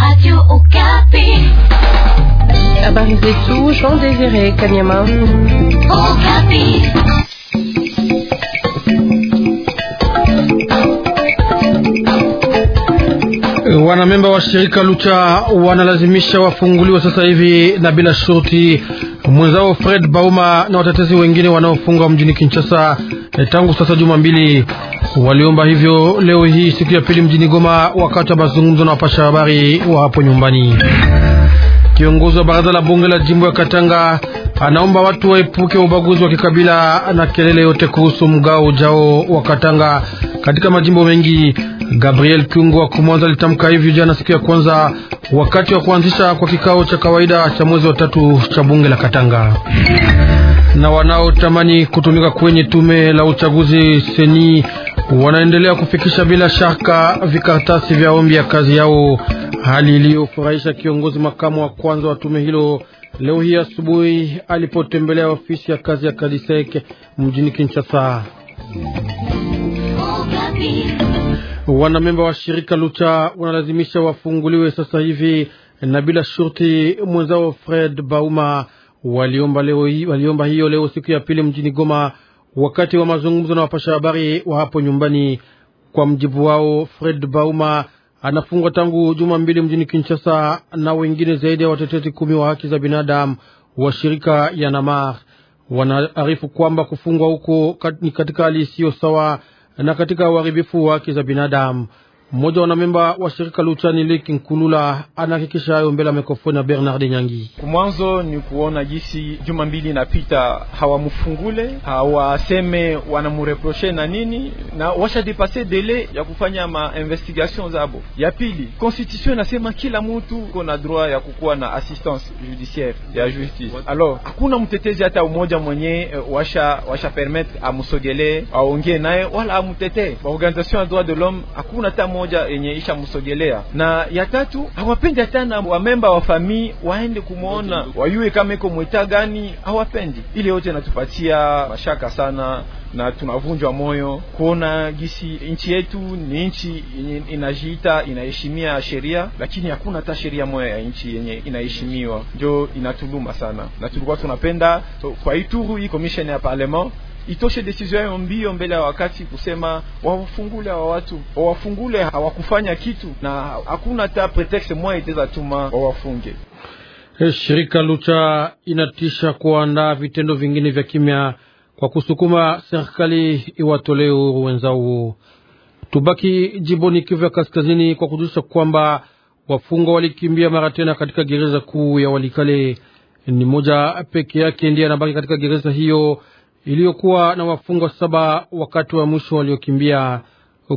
Radio Habari zetu Jean Désiré Kanyama. Okapi. Wanamemba wa shirika Lucha wanalazimisha wafunguliwa sasa hivi na bila shurti mwenzao Fred Bauma na watetezi wengine wanaofungwa mjini Kinshasa eh, tangu sasa juma mbili. Waliomba hivyo leo hii siku ya pili mjini Goma, wakati wa mazungumzo na wapasha habari wa hapo nyumbani. Kiongozi wa baraza la bunge la jimbo ya Katanga anaomba watu waepuke ubaguzi wa kikabila na kelele yote kuhusu mgao ujao wa Katanga katika majimbo mengi Gabriel Kyungwa Kumwanza alitamka hivyo jana siku ya kwanza wakati wa kuanzisha kwa kikao cha kawaida cha mwezi wa tatu cha bunge la Katanga. Na wanaotamani kutumika kwenye tume la uchaguzi seni wanaendelea kufikisha bila shaka vikaratasi vya ombi ya kazi yao, hali iliyofurahisha kiongozi makamu wa kwanza wa tume hilo leo hii asubuhi alipotembelea ofisi ya kazi ya Kadisek mjini Kinshasa. Wanamemba wa shirika Lucha wanalazimisha wafunguliwe sasa hivi na bila shurti. Mwenzao Fred Bauma waliomba, leo, waliomba hiyo leo siku ya pili mjini Goma wakati wa mazungumzo na wapasha habari wa hapo nyumbani. Kwa mjibu wao, Fred Bauma anafungwa tangu juma mbili mjini Kinshasa na wengine zaidi ya watetezi kumi wa haki za binadamu wa shirika ya Namar wanaarifu kwamba kufungwa huko ni katika hali isiyo sawa na katika uharibifu wa haki za binadamu mmoja wanamemba wa shirika Luchani Lik Nkulula anahakikisha hayo mbele ya mikrofoni ya Bernard Nyangi. Mwanzo ni kuona jinsi juma mbili inapita, hawamfungule hawaseme wanamureproche na nini, na washa depase dele ya kufanya ma investigation zabo. Ya pili, constitution inasema kila mtu na droit ya kukuwa na assistance judiciaire ya justice. Alors hakuna mtetezi hata umoja mwenye eh, washa washa permettre amusogelee aongee naye wala amtetee. Organisation ya droit de l'homme hakuna hata moja yenye ishamsogelea, na ya tatu hawapendi tena wamemba wa famii waende kumwona wayue kama iko mwita gani, hawapendi ile yote. Natupatia mashaka sana na tunavunjwa moyo kuona gisi nchi yetu ni nchi yenye inajiita inaheshimia sheria, lakini hakuna hata sheria moja ya nchi yenye inaheshimiwa, njo inatuluma sana, na tulikuwa tunapenda so, kwa Ituri hii komisheni ya parlement itoshe decision yao mbio mbele ya wakati, kusema wawafungule hawa watu, wawafungule, hawakufanya kitu na hakuna hata pretexte moja itaweza tuma wawafunge. Eh, shirika Lucha inatisha kuandaa vitendo vingine vya kimya kwa kusukuma serikali iwatolee uhuru wenzao. Tubaki jimboni Kivu ya Kaskazini kwa kujulisha kwamba wafungwa walikimbia mara tena katika gereza kuu ya Walikale. Ni moja peke yake ndiye anabaki katika gereza hiyo iliyokuwa na wafungwa saba wakati wa mwisho waliokimbia.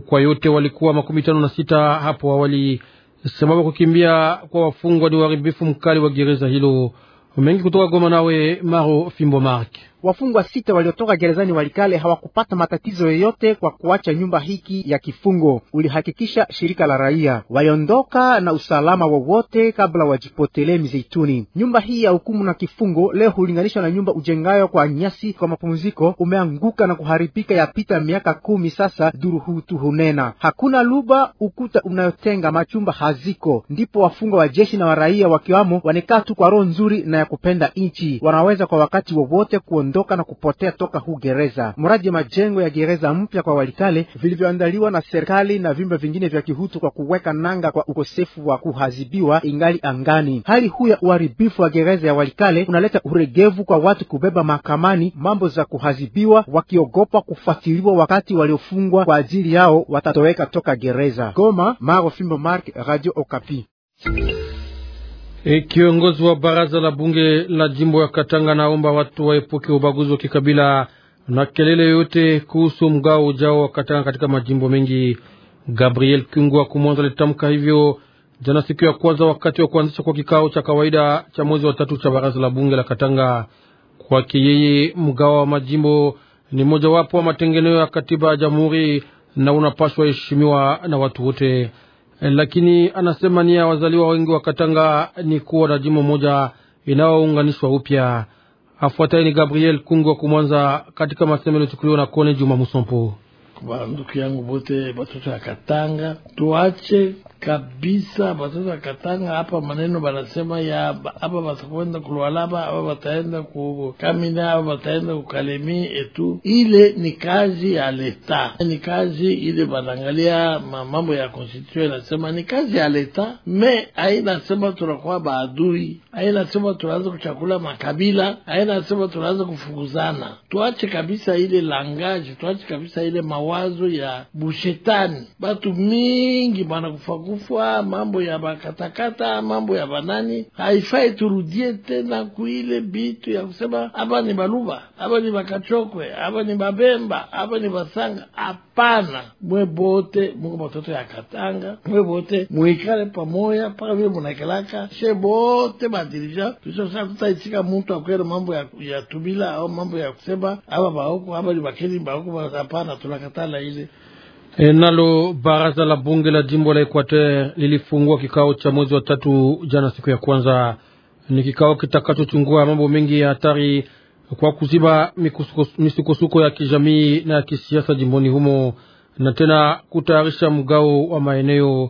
Kwa yote walikuwa makumi tano na sita hapo awali. Sababu kukimbia kwa wafungwa ni uharibifu mkali wa gereza hilo. Mengi kutoka Goma, nawe Maro Fimbo Mark. Wafungwa sita waliotoka gerezani Walikale hawakupata matatizo yoyote kwa kuacha nyumba hiki ya kifungo, ulihakikisha shirika la raia. Waliondoka na usalama wowote kabla wajipotelee mizeituni. Nyumba hii ya hukumu na kifungo leo hulinganishwa na nyumba ujengayo kwa nyasi kwa mapumziko, umeanguka na kuharibika yapita miaka kumi sasa, duru hutu hunena. Hakuna luba, ukuta unayotenga machumba haziko, ndipo wafungwa wa jeshi na waraia wakiwamo wanekaa tu kwa roho nzuri na ya kupenda nchi, wanaweza kwa wakati wowote kuondoka kuondoka na kupotea toka huu gereza. Mradi majengo ya gereza mpya kwa Walikale vilivyoandaliwa na serikali na vyumba vingine vya kihutu kwa kuweka nanga kwa ukosefu wa kuhazibiwa ingali angani. Hali huu ya uharibifu wa gereza ya Walikale unaleta uregevu kwa watu kubeba mahakamani mambo za kuhazibiwa, wakiogopa kufuatiliwa wakati waliofungwa kwa ajili yao watatoweka toka gereza. Goma, Maro Fimbo Mark, Radio Okapi. E, kiongozi wa baraza la bunge la jimbo ya Katanga naomba watu waepuke ubaguzi wa kikabila na kelele yoyote kuhusu mgao ujao wa Katanga katika majimbo mengi. Gabriel wa Kumwanza alitamka hivyo jana siku ya kwanza wakati wa kuanzisha kwa kikao cha kawaida cha mwezi wa tatu cha baraza la bunge la Katanga. Kwake yeye, mgao wa majimbo ni mojawapo wa matengenezo ya katiba ya jamhuri na unapaswa heshimiwa na watu wote. Eh, lakini anasema nia ya wazaliwa wengi wa Katanga ni kuwa na jimo moja inayounganishwa upya. afuatai ni Gabriel wa Kumwanza katika masemo yaliyochukuliwa na Kone Juma Musompo. Ndugu yangu bote batoto ya Katanga, tuache kabisa batoto katanga hapa maneno banasema ya hapa batakwenda kulwalaba hapa bataenda kukamina hapa bataenda kukalemi etu. Ile ni kazi ya leta, ni kazi ile banangalia mambo ya konstitution inasema ni kazi ya leta me ainasema tunakuwa baadui, ainasema tunaanza kuchakula makabila, ainasema tunaanza kufukuzana. Tuache kabisa ile langaje, tuache kabisa ile mawazo ya bushetani. Batu mingi banakufa kufa, mambo ya bakatakata, mambo ya banani. Haifai turudie tena kuile bitu ya kusema hapa ni baluba, hapa ni bakachokwe, hapa ni babemba, hapa ni basanga. Hapana, mwe bote muko matoto ya Katanga, mwe bote muikale pamoya mpaka vile munakelaka she bote badirija tuisosana, tutaitika mtu akwele mambo ya, ya tubila au mambo ya kusema hapa baoko hapa ni bakeni baoko. Hapana, tunakatala ile E, nalo baraza la bunge la jimbo la Equateur lilifungua kikao cha mwezi wa tatu jana, siku ya kwanza. Ni kikao kitakachochungua mambo mengi ya hatari kwa kuziba misukosuko ya kijamii na ya kisiasa jimboni humo na tena kutayarisha mgao wa maeneo.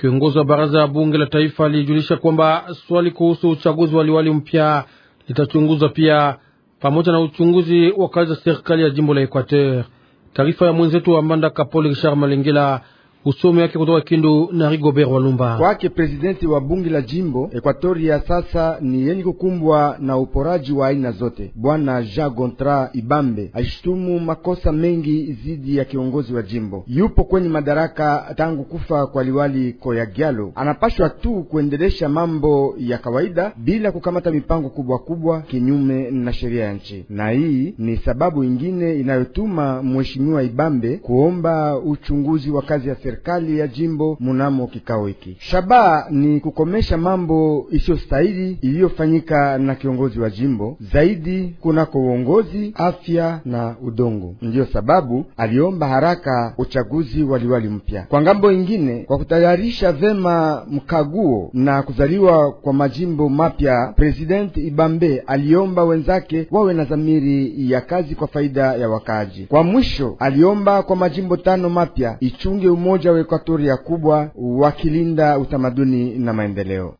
Kiongozi wa baraza la bunge la taifa alijulisha kwamba swali kuhusu uchaguzi wa liwali mpya litachunguzwa pia pamoja na uchunguzi wa kazi za serikali ya jimbo la Equateur. Taarifa ya mwenzetu wa Mbanda Kapoli Richard Malengela usomi wake kutoka Kindu na Rigobert Walumba. Kwake presidenti wa bunge la jimbo Ekwatoria sasa ni yenye kukumbwa na uporaji wa aina zote. Bwana Jean Gontra Ibambe aishtumu makosa mengi zidi ya kiongozi wa jimbo, yupo kwenye madaraka tangu kufa kwa liwali Koyagialo. Anapashwa tu kuendelesha mambo ya kawaida bila kukamata mipango kubwa kubwa kinyume na sheria ya nchi, na hii ni sababu ingine inayotuma mheshimiwa Ibambe kuomba uchunguzi wa kazi ya serikali serikali ya jimbo munamo kikao hiki. Shabaha ni kukomesha mambo isiyostahili iliyofanyika na kiongozi wa jimbo zaidi kunako uongozi, afya na udongo. Ndiyo sababu aliomba haraka uchaguzi waliwali mpya. Kwa ngambo ingine, kwa kutayarisha vema mkaguo na kuzaliwa kwa majimbo mapya, Presidenti Ibambe aliomba wenzake wawe na dhamiri ya kazi kwa faida ya wakaaji. Kwa mwisho, aliomba kwa majimbo tano mapya ichunge umoja umoja wa Ekwatoria kubwa wakilinda utamaduni na maendeleo.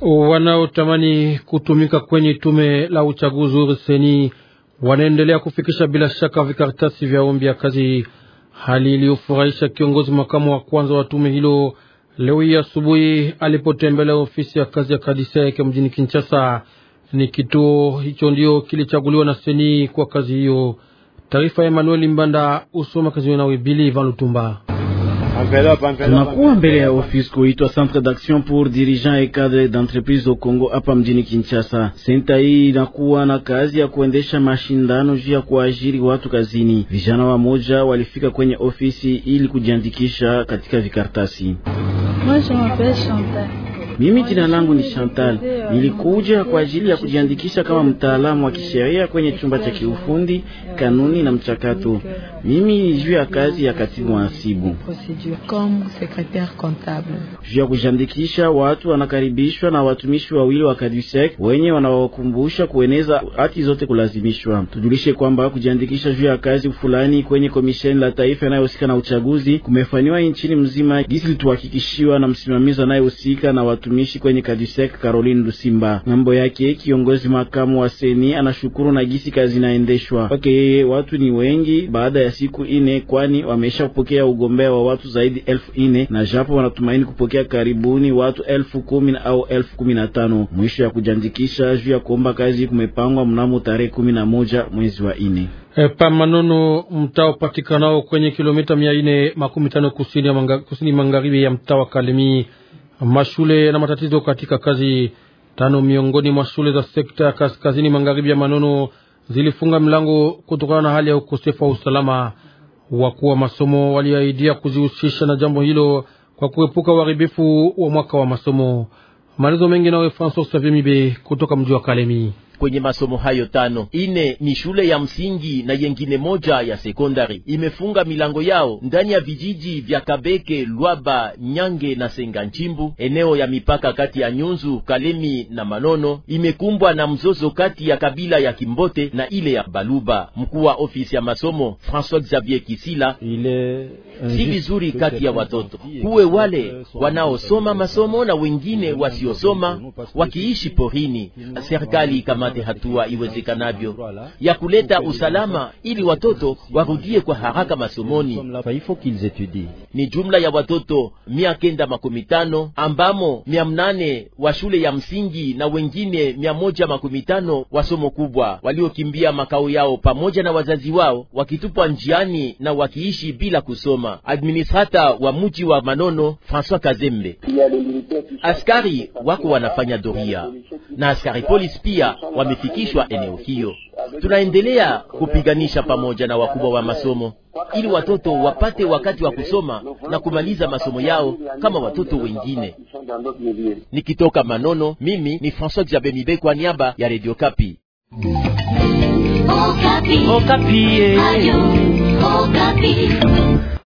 Wanaotamani kutumika kwenye tume la uchaguzi seni wanaendelea kufikisha bila shaka vikaratasi vya ombi ya kazi, hali iliyofurahisha kiongozi makamu wa kwanza wa tume hilo leo hii asubuhi alipotembelea ofisi ya kazi ya Kadisek mjini Kinshasa. Ni kituo hicho ndio kilichaguliwa na seni kwa kazi hiyo. Taarifa ya Emmanuel Mbanda usoma kazini na Wibili Ivan Lutumba. Tunakuwa mbele ya ofisi kuitwa Centre d'Action pour Dirigeant et Cadre d'Entreprise au Congo hapa mjini Kinshasa. Senta hii inakuwa na kazi ya kuendesha mashindano juu ya kuajiri watu kazini. Vijana wa moja walifika kwenye ofisi ili kujiandikisha katika vikartasi. Mimi jina langu ni Chantal. Nilikuja kwa ajili ya kujiandikisha kama mtaalamu wa kisheria kwenye chumba cha kiufundi, kanuni na mchakato. Mimi ni juu ya kazi ya katibu mhasibu. Juu ya kujiandikisha, watu wanakaribishwa na watumishi wawili wa Kadisek wenye wanawakumbusha kueneza hati zote kulazimishwa. Tujulishe kwamba kujiandikisha juu ya kazi fulani kwenye komisheni la taifa inayohusika na uchaguzi kumefanywa nchini mzima, gisi lituhakikishiwa na msimamizi anayehusika na watumishi kwenye Kadisek Caroline Lusimba. Ngambo yake kiongozi makamu wa seni anashukuru na gisi kazi inaendeshwa kwake yeye, watu ni wengi baada ya siku ine, kwani wameisha kupokea ugombea wa watu zaidi elfu ine na japo wanatumaini kupokea karibuni watu elfu kumi au elfu kumi na tano. Mwisho ya kujiandikisha juu ya kuomba kazi kumepangwa mnamo tarehe kumi na moja mwezi wa ine. E, Pamanunu mtaa upatikanao kwenye kilomita mia ine makumi tano kusini, kusini magharibi ya mtaa wa Kalemi. Mashule na matatizo katika kazi tano miongoni mwa shule za sekta ya kaskazini magharibi ya Manono zilifunga mlango kutokana na hali ya ukosefu wa usalama. Wakuu wa masomo waliahidia kuzihusisha na jambo hilo kwa kuepuka uharibifu wa mwaka wa masomo. Maelezo mengi nawe Francois Savimibe kutoka mji wa Kalemi kwenye masomo hayo tano. Ine ni shule ya msingi na yengine moja ya sekondari imefunga milango yao ndani ya vijiji vya Kabeke, Lwaba, Nyange na Senga Nchimbu. Eneo ya mipaka kati ya Nyunzu, Kalemi na Manono imekumbwa na mzozo kati ya kabila ya Kimbote na ile ya Baluba. Mkuu wa ofisi ya masomo François Xavier Kisila, si vizuri kati ya watoto kuwe wale wanaosoma masomo na wengine wasiosoma wakiishi porini. Serikali kama wakamate hatua iwezekanavyo ya kuleta usalama ili watoto warudie kwa haraka masomoni. Ni jumla ya watoto mia kenda makumi tano ambamo mia mnane wa shule ya msingi na wengine mia moja makumi tano wa somo kubwa waliokimbia makao yao pamoja na wazazi wao wakitupwa njiani na wakiishi bila kusoma. Administrata wa mji wa Manono François Kazembe, askari wako wanafanya doria na askari polisi pia wamefikishwa eneo hiyo. Tunaendelea kupiganisha pamoja na wakubwa wa masomo ili watoto wapate wakati wa kusoma na kumaliza masomo yao kama watoto wengine. Nikitoka Manono, mimi ni François Xavier Mibe kwa niaba ya Radio Kapi. Okapi. Okapi. Okapi. Eh.